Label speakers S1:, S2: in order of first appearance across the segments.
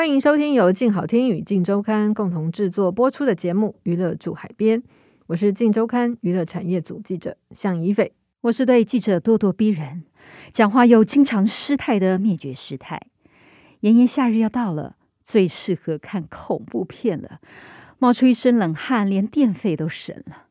S1: 歡迎收聽由靜好聽與靜週刊共同製作播出的節目《娛樂住海邊》，我是靜週刊娛樂產業組記者向怡斐。我是對記者
S2: 咄咄逼人，講話又經常失態的滅絕師太。炎炎夏日要到了，最適合看恐怖片了，冒出一身冷汗，連電費都省了。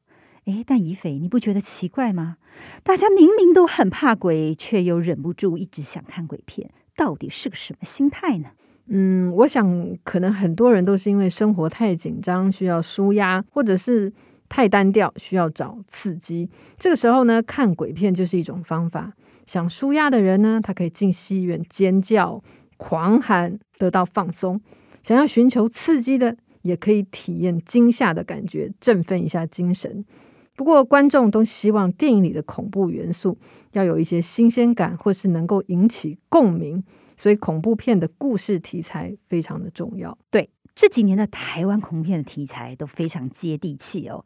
S2: 哎，但怡斐，你不覺得奇怪嗎？大家明明都很怕鬼，卻又忍不住一直想看鬼片，到底是個什麼心態呢？
S1: 嗯，我想可能很多人都是因為生活太緊張，需要舒壓，或者是太單調，需要找刺激。這個時候呢，看鬼片就是一種方法。想舒壓的人呢，他可以進戲院尖叫、狂喊，得到放鬆；想要尋求刺激的，也可以體驗驚嚇的感覺，振奮一下精神。不過，觀眾都希望電影裡的恐怖元素要有一些新鮮感，或是能夠引起共鳴。所以恐怖片的故事題材非常的重要。對，這幾年的台灣恐怖片的題材都非常接地
S2: 氣哦，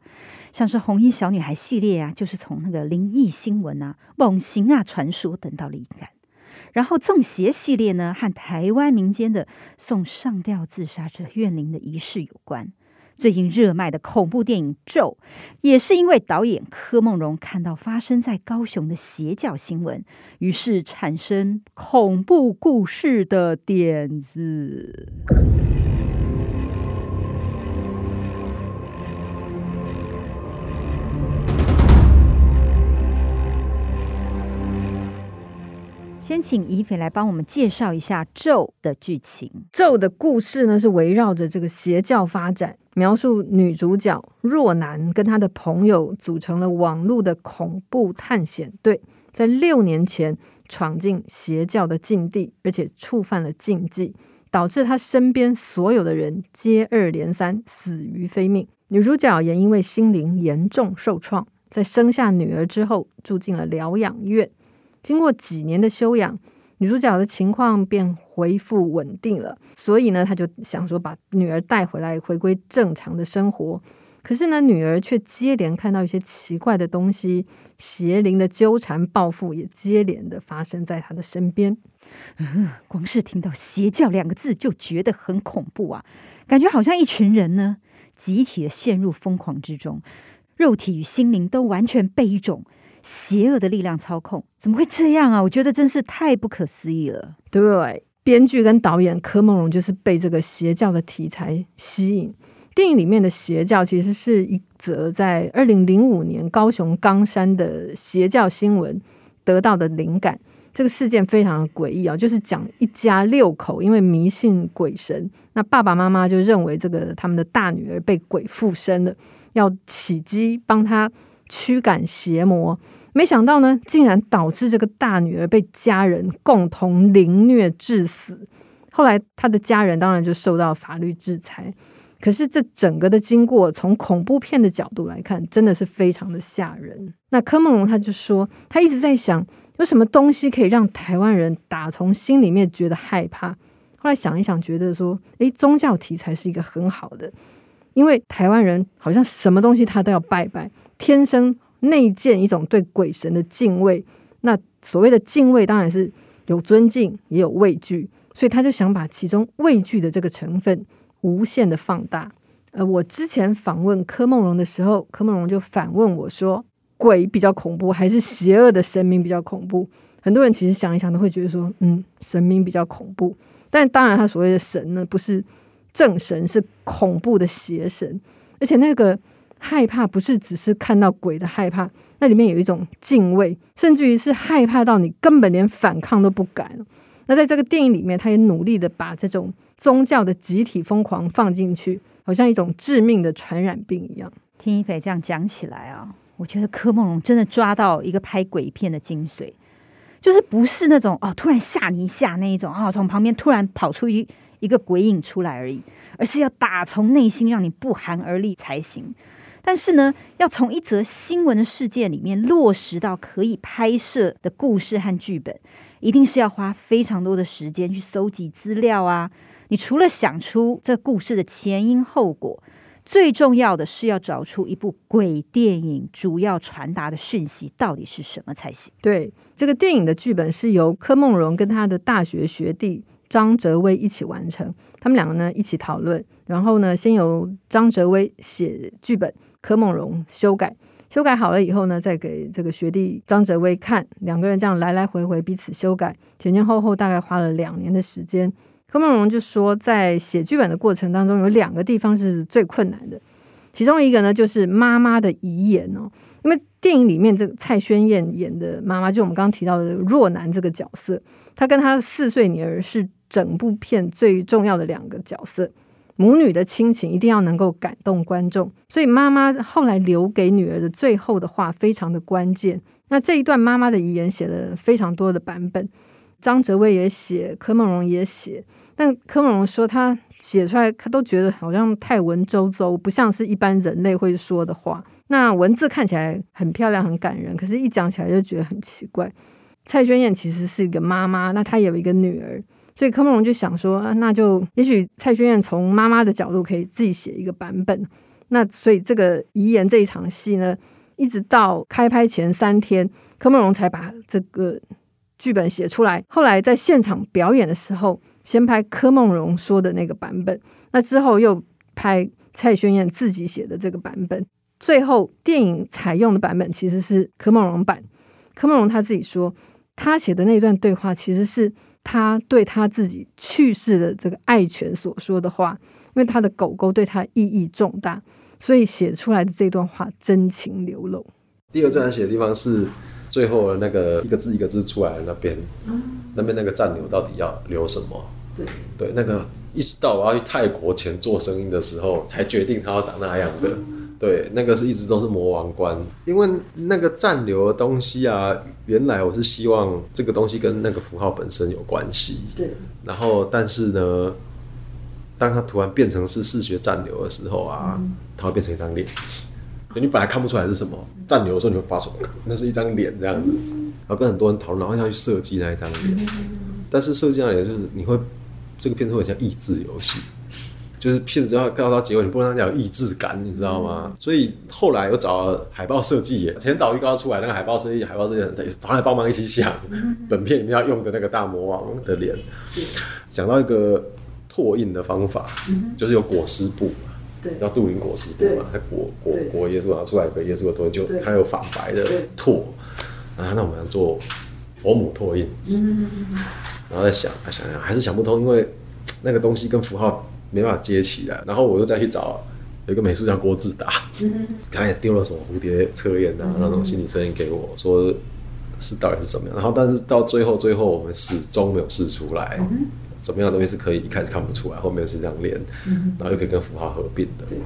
S2: 像是紅衣小女孩系列啊，就是從那個靈異新聞啊、魔神仔啊、傳說等得到靈感，然後粽邪系列呢，和台灣民間的送上吊自殺者怨靈的儀式有關。最近熱賣的恐怖電影《咒》，也是因為導演柯夢榮看到發生在高雄的邪教新聞，於是產生恐怖故事的點子。 先請怡菲來幫我們介紹一下《咒》的劇情。
S1: 《咒》的故事呢，是圍繞着這個邪教發展。描述女主角若男跟她的朋友組成了網絡的恐怖探險隊，在六年前闖進邪教的禁地，而且觸犯了禁忌，導致她身邊所有的人接二連三死於非命。女主角也因為心靈嚴重受創，在生下女兒之後住進了療養院，經過幾年的休養。女主角的情況便恢復穩定了，所以呢，她就想說把女兒帶回來，回歸正常的生活。可是呢，女兒卻接連看到一些奇怪的東西，邪靈的糾纏報復也接連的發生在她的身邊。呃，光是聽到“邪教”兩個
S2: 字，就覺得很恐怖啊，感覺好像一群人呢，集體的陷入瘋狂之中，肉體與心靈都完全被一種邪惡的力量操控，
S1: 怎麼會這樣啊？我覺得真是太不可思議了。對，不對，編劇跟導演柯孟融就是被這個邪教的題材吸引。電影裡面的邪教其實是一則在二零零五年高雄岡山的邪教新聞得到的靈感。這個事件非常的詭異啊，就是講一家六口因為迷信鬼神，那爸爸媽媽就認為這個他們的大女兒被鬼附身了，要起乩幫他。驅趕邪魔，沒想到呢，竟然導致這個大女兒被家人共同凌虐致死。後來他的家人當然就受到法律制裁。可是這整個的經過，從恐怖片的角度來看，真的是非常的嚇人。那柯孟融他就說，他一直在想有什麼東西可以讓台灣人打從心裡面覺得害怕。後來想一想，覺得說，誒，宗教題材是一個很好的。因為台灣人好像什麼東西他都要拜拜，天生內建一種對鬼神的敬畏。那所謂的敬畏當然是有尊敬也有畏懼，所以他就想把其中畏懼的這個成分無限的放大。呃，我之前訪問柯夢龍的時候，柯夢龍就反問我說：“鬼比較恐怖，還是邪惡的神明比較恐怖？”很多人其實想一想都會覺得說，嗯，神明比較恐怖。但當然，他所謂的神呢，不是。正神，是恐怖的邪神，而且那個害怕不是只是看到鬼的害怕，那裡面有一種敬畏，甚至於是害怕到你根本連反抗都不敢。那在這個電影裡面，他也努力的把這種宗教的集體瘋狂放進去，好像一種致命的傳染病一樣。
S2: 聽一菲這樣講起來啊，我覺得柯孟融真的抓到一個拍鬼片的精髓，就是不是那種，哦，突然嚇你一下那一種啊、哦，從旁邊突然跑出一。一個鬼影出來而已，而是要打從內心讓你不寒而慄才行。但是呢，要從一則新聞的事件裡面落實到可以拍攝的故事和劇本，一定是要花非常多的時間去搜集資料啊！你除了想出這故事的前因後果，最重要的是要找
S1: 出一部鬼電影主要傳達的訊息到底是什麼才行。對，這個電影的劇本是由柯孟融跟他的大學學弟。張哲威一起完成，他們兩個呢一起討論，然後呢先由張哲威寫劇本，柯孟融修改，修改好了以後呢再給這個學弟張哲威看，兩個人這樣來來回回彼此修改，前前後後大概花了兩年的時間。柯孟融就說，在寫劇本的過程當中，有兩個地方是最困難的。其中一個呢，就是媽媽的遺言哦。因為電影裡面，這個蔡亘晏演的媽媽，就我們剛剛提到的若男這個角色，她跟她四歲女兒是整部片最重要的兩個角色，母女的親情一定要能夠感動觀眾。所以媽媽後來留給女兒的最後的話非常的關鍵。那這一段媽媽的遺言寫了非常多的版本。張哲衛也寫，柯孟融也寫，但柯孟融說他寫出來，他都覺得好像太文縐縐，不像是一般人類會說的話。那文字看起來很漂亮，很感人，可是一講起來就覺得很奇怪。蔡軒燕其實是一個媽媽，那她有一個女兒，所以柯孟融就想說，啊、那就也許蔡軒燕從媽媽的角度可以自己寫一個版本。那所以這個遺言這一場戲呢，一直到開拍前三天，柯孟融才把這個。劇本寫出來，後來在現場表演的時候，先拍柯孟融說的那個版本，那之後又拍蔡軒燕自己寫的這個版本，最後電影採用的版本其實是柯孟融版。柯孟融他自己說，他寫的那段對話其實是他對他自己去世的這個愛犬所說的話，因為他的狗狗對他意義重大，所以寫出來的這段話真情流露。
S3: 第二段寫的地方是。最後的那個一個字一個字出來的那邊、嗯，那邊那個暫留到底要留什麼？對對，那個一直到我要去泰國前做聲音的時候，才決定它要長那樣的。對，對那個是一直都是魔王觀，因為那個暫留的東西啊，原來我是希望這個東西跟那個符號本身有關係。對，然後但是呢，當它突然變成是視覺暫留的時候啊、嗯，它會變成一張臉。你本來看不出來是什麼暫留的時候，你會發什麼？那是一張臉這樣子，然後跟很多人討論，然後要去設計那一張臉。但是設計那臉就是你會，這個片子會很像益智遊戲，就是片子要告到，到結尾，你不能讓人家有益智感，你知道嗎？所以後來又找了海報設計耶，前導預告出來那個海報設計，海報設計他來幫忙一起想本片一定要用的那個大魔王的臉，想到一個拓印的方法，就是有裹屍布。叫杜林裹屍布對嘛？在果果果耶穌拿出來一個耶穌的拓印，就它有反白的拓啊，那我們要做佛母拓印。嗯嗯
S1: 嗯，然
S3: 後再想啊想想，還是想不通，因為那個東西跟符號沒辦法接起來。然後我又再去找有一個美術家郭志達，他、嗯嗯、也丟了什麼蝴蝶測驗啊嗯嗯，那種心理測驗給我，說是到底是怎麼樣。然後但是到最後最後，最後我們始終沒有試出來。嗯嗯怎麼樣的東西是可以一開始看不出來，後面是這張臉然後又可以跟符號合併的、嗯。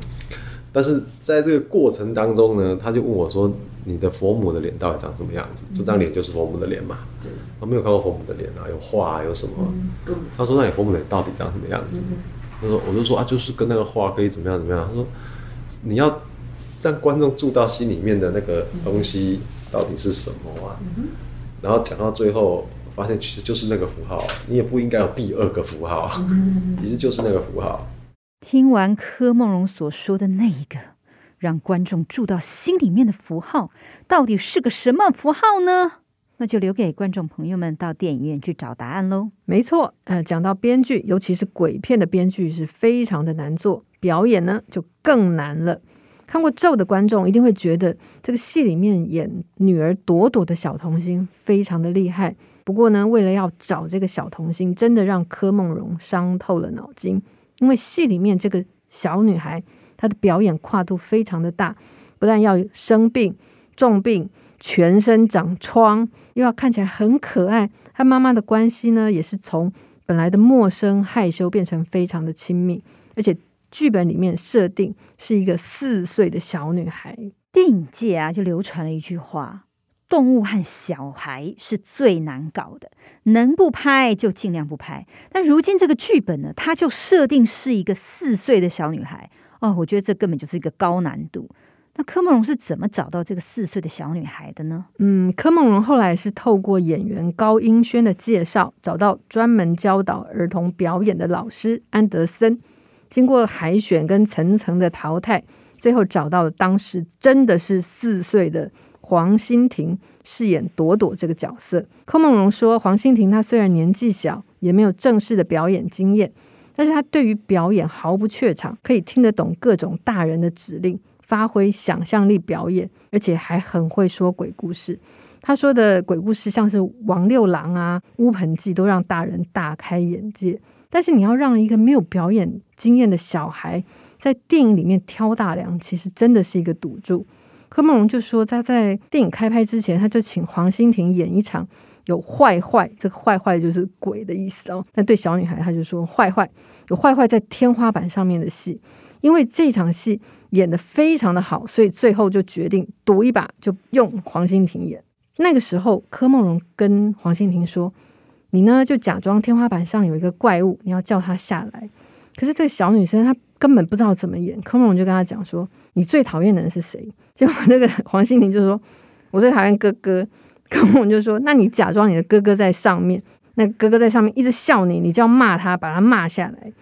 S3: 但是在這個過程當中呢，他就問我說：“你的佛母的臉到底長什麼樣子？”嗯、這張臉就是佛母的臉嘛、嗯。他沒有看過佛母的臉啊，有畫、啊、有什麼、嗯？他說：“那你佛母的臉到底長什麼樣子？”他、嗯、說：“我就說啊，就是跟那個畫可以怎麼樣怎麼樣。”他說：“你要讓觀眾住到心裡面的那個東西到底是什麼啊？”嗯、然後講到最後。發現其實就是那個符號，你也不應該有第二個符號，其實就是那個符號。
S2: 聽完柯孟融所說的那一個，讓觀眾住到心裡面的符號，到底是個什麼符號呢？那就留
S1: 給觀眾朋友們到電影院去找答案嘍。沒錯，呃，講到編劇，尤其是鬼片的編劇是非常的難做，表演呢就更難了。看過《咒》的觀眾一定會覺得，這個戲裡面演女兒朵朵的小童星非常的厲害。不過呢，為了要找這個小童星，真的讓柯孟融傷透了腦筋。因為戲裡面這個小女孩，她的表演跨度非常的大，不但要生病、重病、全身長瘡，又要看起來很可愛。她媽媽的關係呢，也是從本來的陌生、害羞變成非常的親密。而且劇本裡面設定是一個四歲的小女孩。電影界啊，就流傳了一句話。動物和小孩是
S2: 最難搞的，能不拍就盡量不拍。但如今這個劇本呢，它就設定是一個四歲的小女孩哦，我覺得這根本就是一個高難度。
S1: 那柯孟融是怎麼找到這個四歲的小女孩的呢？嗯，柯孟融後來是透過演員高英軒的介紹，找到專門教導兒童表演的老師安德森，經過海選跟層層的淘汰，最後找到了當時真的是四歲的。黃馨婷飾演朵朵這個角色。柯孟融說，黃馨婷她雖然年紀小，也沒有正式的表演經驗，但是她對於表演毫不怯場，可以聽得懂各種大人的指令，發揮想象力表演，而且還很會說鬼故事。她說的鬼故事像是《王六郎》啊，《烏盆記》都讓大人大開眼界。但是你要讓一個沒有表演經驗的小孩在電影裡面挑大樑，其實真的是一個賭注。柯孟融就說他在電影開拍之前，他就請黃歆庭演一場有壞壞，這個壞壞就是鬼的意思哦。那對小女孩，他就說壞壞有壞壞在天花板上面的戲，因為這場戲演得非常的好，所以最後就決定賭一把，就用黃歆庭演。那個時候，柯孟融跟黃歆庭說：“你呢就假裝天花板上有一個怪物，你要叫他下來。”可是這個小女生她根本不知道怎麼演，柯文龍就跟他講說：“你最討厭的人是誰？”結果那個黃心凌就說：“我最討厭哥哥。”柯文龍就說：“那你假裝你的哥哥在上面，那哥哥在上面一直笑你，你就要罵他，把他罵下來。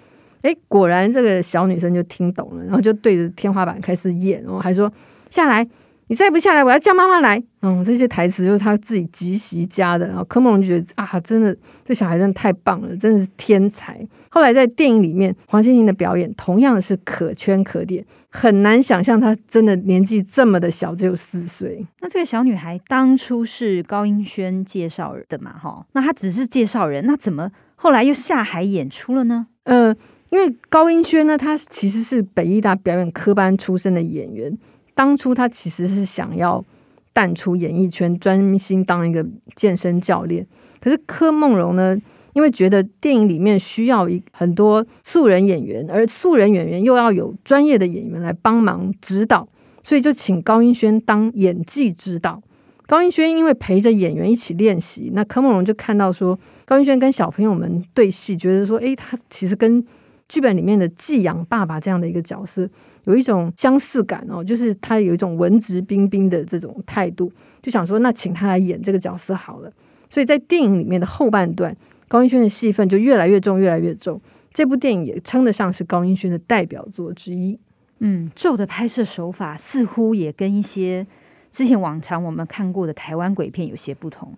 S1: 欸”誒，果然這個小女生就聽懂了，然後就對着天花板開始演，然後還說下來。你再不下來，我要叫媽媽來。嗯，這些台詞就是他自己即席加的。然後柯夢龍就覺得啊，真的，這小孩真的太棒了，真的是天才。後來在電影裡面，黃心穎的表演同樣是可圈可點，很難想象她真的年紀這麼的小，只有四歲。
S2: 那這個小女孩當初是高英軒介
S1: 紹的嘛。哈，那她只是介紹人，那怎麼後來又下海演出了呢？呃，因為高英軒呢，他其實是北藝大表演科班出身的演員。當初他其實是想要淡出演藝圈，專心當一個健身教練。可是柯孟融呢，因為覺得電影裡面需要一很多素人演員，而素人演員又要有專業的演員來幫忙指導，所以就請高英軒當演技指導。高英軒因為陪着演員一起練習，那柯孟融就看到說，高英軒跟小朋友們對戲，覺得說，誒，他其實跟。劇本裡面的寄養爸爸這樣的一個角色，有一種相似感哦，就是他有一種文質彬彬的這種態度，就想說那請他來演這個角色好了。所以在電影裡面的後半段，高英軒的戲份就越來越重，越來越重。這部電影也稱得上是高英軒的代表作之一。
S2: 嗯，
S1: 咒的拍攝手法似
S2: 乎也跟一些之前往常我們看過的台灣鬼片有些不同。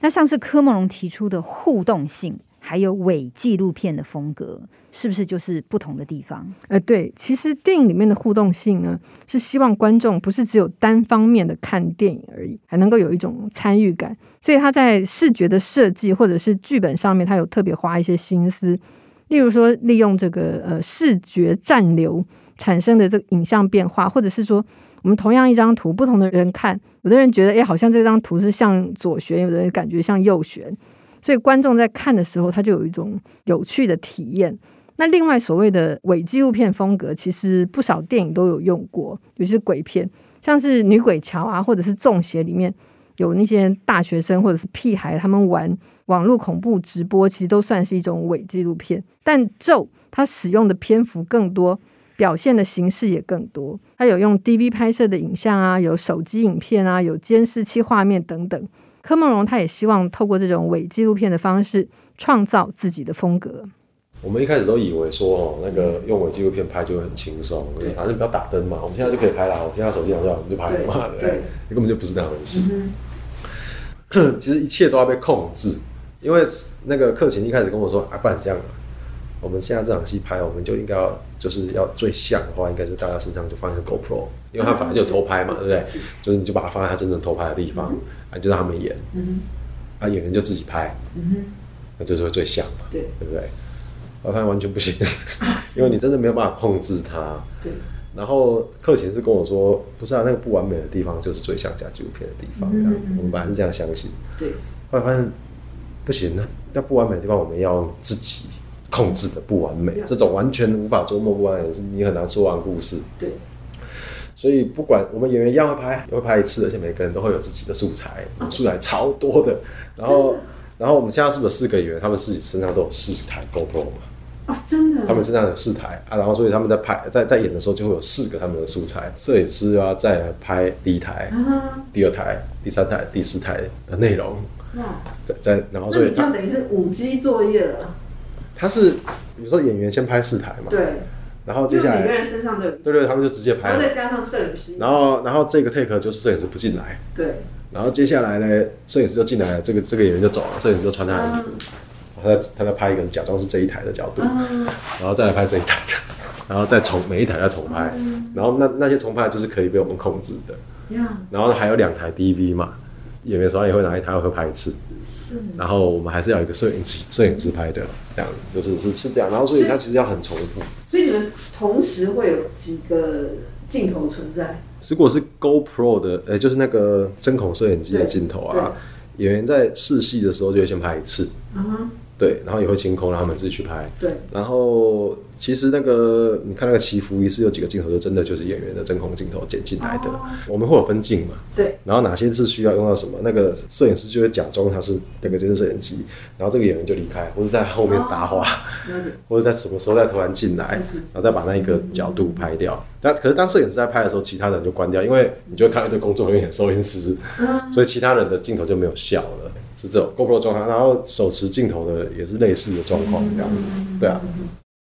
S2: 那像是柯孟融提出的互動性。還有偽紀錄片的風格，
S1: 是不是就是不同的地方？呃，對，其實電影裡面的互動性呢，是希望觀眾不是只有單方面的看電影而已，還能夠有一種參與感。所以他在視覺的設計或者是劇本上面，他有特別花一些心思。例如說，利用這個呃視覺暫留產生的這個影像變化，或者是說，我們同樣一張圖，不同的人看，有的人覺得誒，好像這張圖是向左旋，有的人感覺向右旋。所以觀眾在看的時候，他就有一種有趣的體驗。那另外所謂的偽紀錄片風格，其實不少電影都有用過，尤其是鬼片，像是《女鬼橋》啊，或者是《中邪》裡面有那些大學生或者是屁孩他們玩網絡恐怖直播，其實都算是一種偽紀錄片。但《咒》它使用的篇幅更多，表現的形式也更多。它有用 DV 拍攝的影像啊，有手機影片啊，有監視器畫面等等。柯孟融他也希望透過這種偽紀錄片的方式創造自己的風格。
S3: 我們一開始都以為說哦，那個用偽紀錄片拍就會很輕鬆，反、嗯、正不要打燈嘛，我們現在就可以拍啦，我們現在手機兩兆就拍嘛，對，根本就不是那回事、嗯。 其實一切都要被控制，因為那個客群一開始跟我說，啊，不然這樣、啊，我們現在這場戲拍，我們就應該要就是要最像的話，應該就大家身上就放一個 GoPro，、嗯、因為他反正就有偷拍嘛，對不對？ 就是你就把它放在他真正偷拍的地方。嗯啊，就讓他們演，嗯、啊，演員就自己拍，嗯、那就是會最像嘛，對，對不對？我發現完全不行、啊，因為你真的沒有辦法控制它。對。然後克勤，是跟我說、嗯，不是啊，那個不完美的地方就是最像假紀錄片的地方，嗯哼嗯哼。我們本來是這樣相信。對。後來發現不行呢，那不完美的地方我們要自己控制的不完美，嗯、這種完全無法琢磨不完美、嗯、是，你很難說完故事。對。所以不管我們演員一樣會拍，也會拍一次，而且每個人都會有自己的素材，哦、素材超多的。然後，然後我們現在是不是四個演員，他們自己身上都有四台 GoPro 嘛？哦，真
S1: 的？
S3: 他們身上有四台啊，然後所以他們在拍，在在演的時候就會有四個他們的素材，攝影師要再來拍第一台，啊、第二台、第三台、第四台的內容。哇、啊！在在，然後所以這樣
S1: 等於是五機作業了。
S3: 他是，比如說演員先拍四台嘛？對。然後接
S1: 下
S3: 來對對，他們就直接拍了，然後然後，然後這個 take 就是攝影師不進來。
S1: 對。
S3: 然後接下來呢，攝影師就進來了，這個這個演員就走了、啊，攝影師就穿他的衣服、嗯，他在他在拍一個假裝是這一台的角度，嗯、然後再來拍這一台的，然後再重每一台再重拍、嗯，然後那那些重拍就是可以被我們控制的。嗯、然後還有兩台 DV 嘛，演員手上也會拿一台，會拍一次。是。然後我們還是要一個攝影師，攝影師拍的這樣，就是是是這樣。然後所以他其實要很重複、啊。所以你們。同時會有幾個鏡頭存在？如果是 GoPro 的，欸，就是那個針孔攝影機的鏡頭啊，演員在試戲的時候就會先拍一次。Uh-huh. 對，然後也會清空，讓他們自己去拍。對，然後其實那個你看那個祈福儀式有幾個鏡頭，就真的就是演員的真空鏡頭剪進來的。哦。我們會有分鏡嘛？對。然後哪些是需要用到什麼？那個攝影師就會假裝他是那個監視攝影機，然後這個演員就離開，或者在後面搭話。哦，或者在什麼時候再突然進來，是是是，然後再把那一個角度拍掉。嗯嗯，但可是當攝影師在拍的時候，其他人就關掉，因為你就會看到一堆工作人員有收音師嗯嗯，所以其他人的鏡頭就沒有笑了。是這種構不構狀態，然後手持鏡頭的也是類似的狀況這樣子，對
S2: 啊。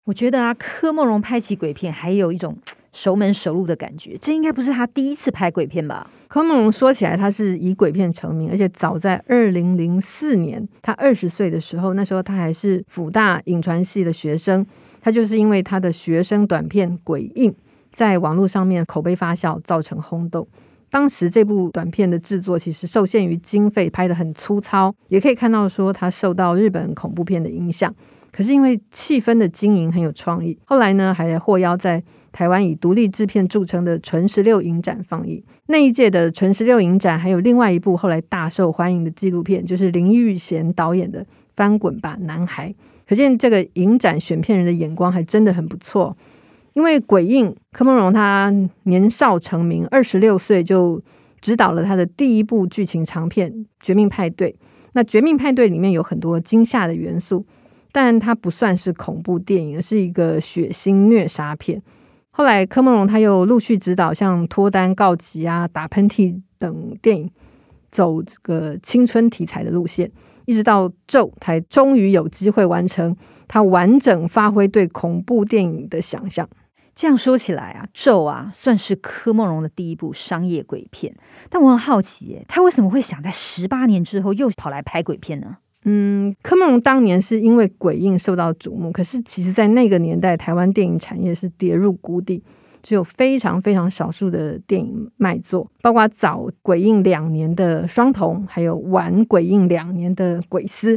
S2: 我覺得啊，柯孟融拍起鬼片還有一種熟門熟路的感覺，這應該不是他第
S1: 一次拍鬼片吧？柯孟融說起來，他是以鬼片成名，而且早在二零零四年，他二十歲的時候，那時候他還是輔大影傳系的學生，他就是因為他的學生短片《鬼印》在網絡上面口碑發酵，造成轟動。當時這部短片的制作其實受限於經費，拍得很粗糙，也可以看到說它受到日本恐怖片的影響。可是因為氣氛的經營很有創意，後來呢還獲邀在台灣以獨立制片著稱的純十六影展放映。那一屆的純十六影展還有另外一部後來大受歡迎的紀錄片，就是林育賢導演的《翻滾吧，男孩》。可見這個影展選片人的眼光還真的很不錯。因為鬼印，柯孟融他年少成名，二十六歲就指導了他的第一部劇情長片《絕命派對》。那《絕命派對》裡面有很多驚嚇的元素，但它不算是恐怖電影，而是一個血腥虐殺片。後來柯孟融他又陸續指導像《脫單告急》啊、《打噴嚏》等電影，走這個青春題材的路線，一直到《咒》才終於有機會完成他完整發揮對恐怖電影的想象這樣說起來啊，咒啊算是柯孟融的第一
S2: 部商業鬼片，但我很好奇耶，他為什麼會想在十八年之後又跑來拍鬼片
S1: 呢？嗯，柯孟融當年是因為《鬼印》受到矚目，可是其實在那個年代，台灣電影產業是跌入谷底，只有非常非常少數的電影賣座，包括早《鬼印》兩年的《雙瞳》，還有晚《鬼印》兩年的《詭絲》。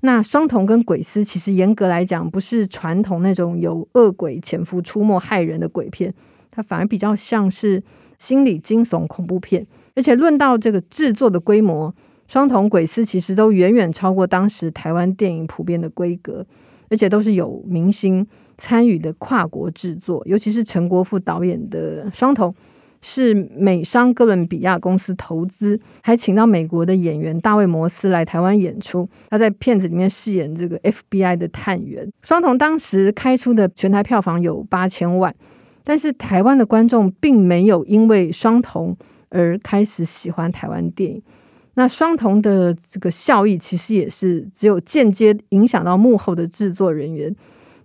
S1: 那《雙瞳》跟《鬼絲》其實嚴格來講，不是傳統那種有惡鬼潛伏出沒害人的鬼片，它反而比較像是心理驚悚恐怖片。而且論到這個製作的規模，《雙瞳》《鬼絲》其實都遠遠超過當時台灣電影普遍的規格，而且都是有明星參與的跨國製作，尤其是陳國富導演的《雙瞳》。是美商哥倫比亞公司投資，還請到美國的演員大衛摩斯來台灣演出。他在片子裡面飾演這個 FBI 的探員。雙瞳當時開出的全台票房有八千萬，但是台灣的觀眾並沒有因為雙瞳而開始喜歡台灣電影。那雙瞳的這個效益其實也是只有間接影響到幕後的製作人員。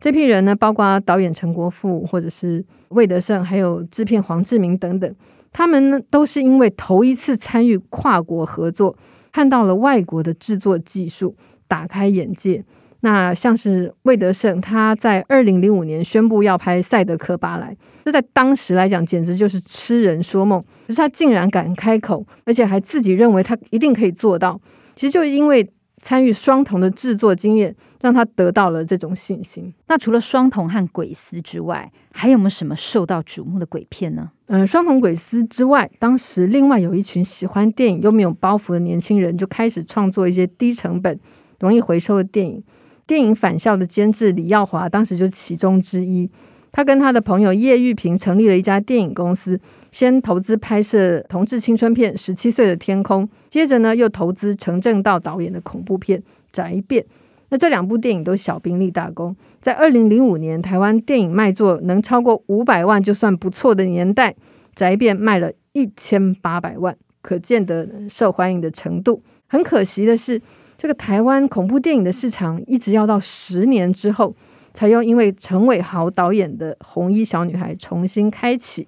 S1: 這批人呢，包括導演陳國富，或者是魏德聖，還有制片黃志明等等，他們呢都是因為頭一次參與跨國合作，看到了外國的制作技術，打開眼界。那像是魏德聖，他在二零零五年宣布要拍《賽德克·巴萊》，這在當時來講，簡直就是癡人說夢。可是他竟然敢開口，而且還自己認為他一定可以做到。其實就因為。參與雙瞳的製作經驗，讓他得到了這種信心。那除了雙瞳和詭絲之外，還有沒有什麼受到矚目的鬼片呢？嗯，雙瞳、詭絲之外，當時另外有一群喜歡電影又沒有包袱的年輕人，就開始創作一些低成本、容易回收的電影。電影返校的監製李耀華當時就其中之一。他跟他的朋友葉玉萍成立了一家電影公司，先投資拍攝同志青春片《十七歲的天空》，接着呢又投資陳正道導演的恐怖片《宅變》。那這兩部電影都小兵立大功，在二零零五年台灣電影賣座能超過五百萬就算不錯的年代，《宅變》賣了一千八百萬，可見得受歡迎的程度。很可惜的是，這個台灣恐怖電影的市場一直要到十年之後，才又因為程偉豪導演的《紅衣小女孩》重新開啟，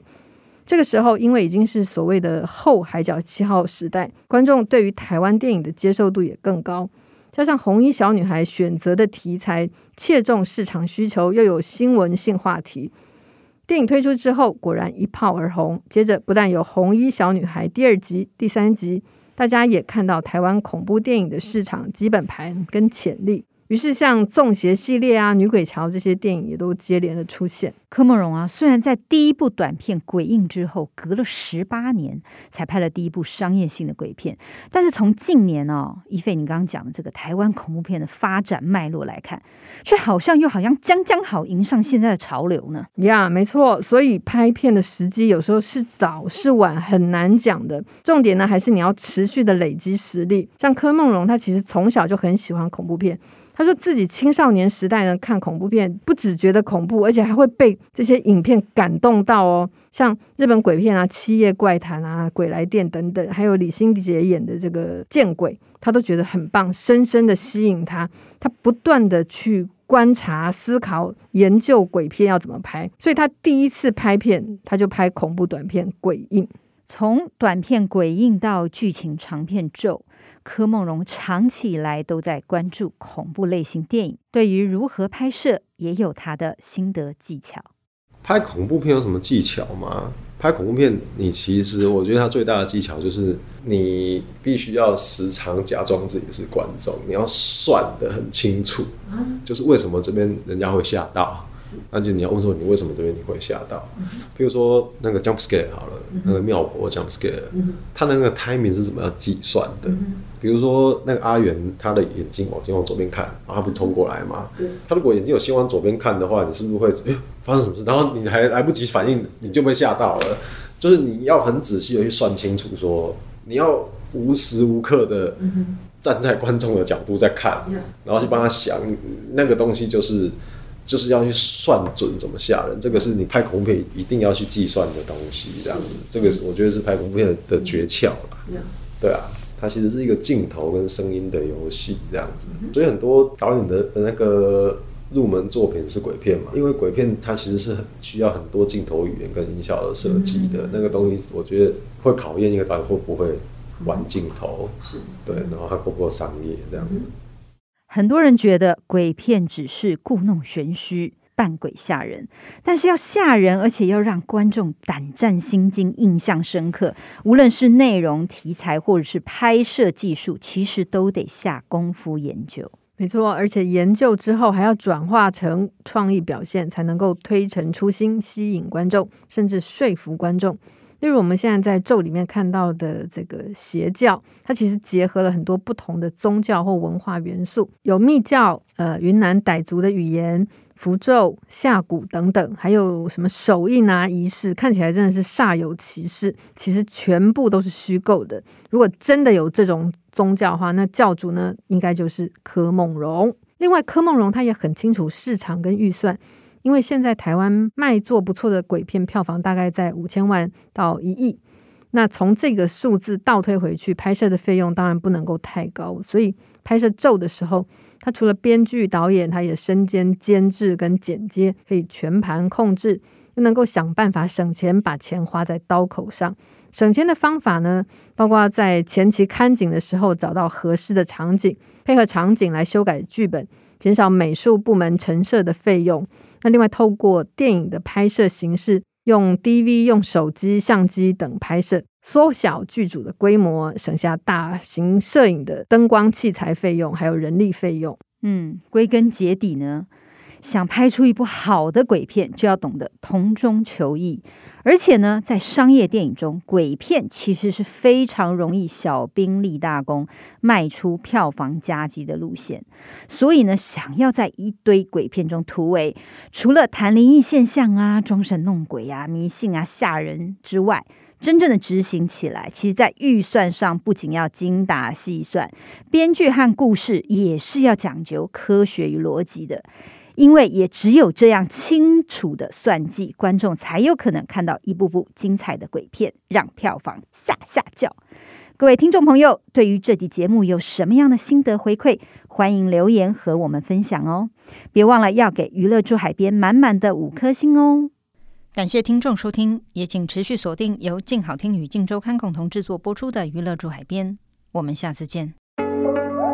S1: 這個時候因為已經是所謂的後《海角七號》時代，觀眾對於台灣電影的接受度也更高。加上《紅衣小女孩》選擇的題材切中市場需求，又有新聞性話題，電影推出之後果然一炮而紅。接着不但有《紅衣小女孩》第二集、第三集，大家也看到台灣恐怖電影的市場基本盤跟潛力。於是，像《粽邪》系列啊，《女鬼橋》這些電影也都接連的出現。柯孟融啊，雖然在第一部短片《鬼印》之後，隔了十
S2: 八年才拍了第一部商業性的鬼片，但是從近年哦，一菲你剛剛講的這個台灣恐怖片的發展脈絡來看，卻好像又好像將將好迎上現在的潮流呢。
S1: 呀、yeah，沒錯，所以拍片的時機有時候是早是晚很難講的。重點呢，還是你要持續的累積實力。像柯孟融，他其實從小就很喜歡恐怖片。他說自己青少年時代呢，看恐怖片不只覺得恐怖，而且還會被這些影片感動到哦，像日本鬼片啊，《七夜怪談》啊，《鬼來電》等等，還有李心潔演的這個《見鬼》，他都覺得很棒，深深的吸引他。他不斷的去觀察、思考、研究鬼片要怎麼拍，所以他第一次拍片，他就拍恐怖短片《鬼影》。
S2: 從短片鬼印，到劇情長片咒，柯孟融長期以來都在關注恐怖類型電影，對於如何拍攝也有他的心得技巧。
S3: 拍恐怖片有什麼技巧嗎？拍恐怖片，你其實我覺得它最大的技巧就是，你必須要時常假裝自己是觀眾，你要算得很清楚，就是為什麼這邊人家會嚇到。那就你要問說，你為什麼這邊你會嚇到、嗯？比如說那個 jump scare 好了，嗯、那個廟國 jump scare，他、嗯、的那個 timing 是怎麼樣計算的、嗯？比如說那個阿元，他的眼睛往前往左邊看，然後他不是衝過來嗎？他如果眼睛有先往左邊看的話，你是不是會誒、發生什麼事？然後你還來不及反應，你就被嚇到了。就是你要很仔細的去算清楚說，說你要無時無刻的站在觀眾的角度在看，嗯、然後去幫他想那個東西就是。就是要去算準怎麼嚇人，這個是你拍恐怖片一定要去計算的東西，這樣子。這個我覺得是拍恐怖片的訣竅了。Yeah. 對啊，它其實是一個鏡頭跟聲音的遊戲，這樣子。Mm -hmm. 所以很多導演的那個入門作品是鬼片嘛，因為鬼片它其實是很需要很多鏡頭語言跟音效的設計的。Mm -hmm. 那個東西我覺得會考驗一個導演會不會玩鏡頭，mm -hmm. 對，然後他夠不夠商業這
S2: 樣子。很多人覺得鬼片只是故弄玄虛、扮鬼嚇人，但是要嚇人，而且要讓觀眾膽戰心驚、印象深刻，無論是內容題材或者是拍攝技術，其實都得下
S1: 功夫研究。沒錯，而且研究之後還要轉化成創意表現，才能夠推陳出新，吸引觀眾，甚至說服觀眾。例如我們現在在咒裡面看到的這個邪教，它其實結合了很多不同的宗教或文化元素，有密教、呃、雲南傣族的語言、符咒、下蠱等等，還有什麼手印啊、儀式，看起來真的是煞有其事，其實全部都是虛構的。如果真的有這種宗教的話，那教主呢，應該就是柯孟融。另外，柯孟融他也很清楚市場跟預算。因為現在台灣賣座不錯的鬼片票房大概在五千萬到一億，那從這個數字倒推回去，拍攝的費用當然不能夠太高。所以拍攝咒的時候，他除了編劇導演，他也身兼監製跟剪接，可以全盤控制，又能夠想辦法省錢，把錢花在刀口上。省錢的方法呢，包括在前期看景的時候找到合適的場景，配合場景來修改劇本，減少美術部門陳設的費用。那另外，透過電影的拍攝形式，用 DV、用手機、相機等拍攝，縮小劇組的規模，省下大型攝影的燈光器材費用，還有人力費用。嗯，歸根結底呢。想拍出一部好
S2: 的鬼片，就要懂得同中求異，而且呢，在商業電影中，鬼片其實是非常容易小兵立大功、賣出票房佳績的路線。所以呢，想要在一堆鬼片中突圍，除了談靈異現象啊、裝神弄鬼啊、迷信啊、嚇人之外，真正的執行起來，其實在預算上不僅要精打細算，編劇和故事也是要講究科學與邏輯的。因為也只有這樣清楚的算計，觀眾才有可能看到一部部精彩的鬼片，讓票房嚇嚇叫。各位聽眾朋友，對於這集節目有什麼樣的心得回饋？歡迎留言和我們分享哦！別忘了要給《娛樂駐海邊》滿滿的五顆星哦！感謝聽眾收聽，也請持續鎖定由鏡好聽與鏡週刊共同製作播出的《娛樂駐海邊》，我們下次見！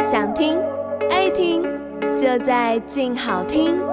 S1: 想聽，愛聽。就在靜好聽。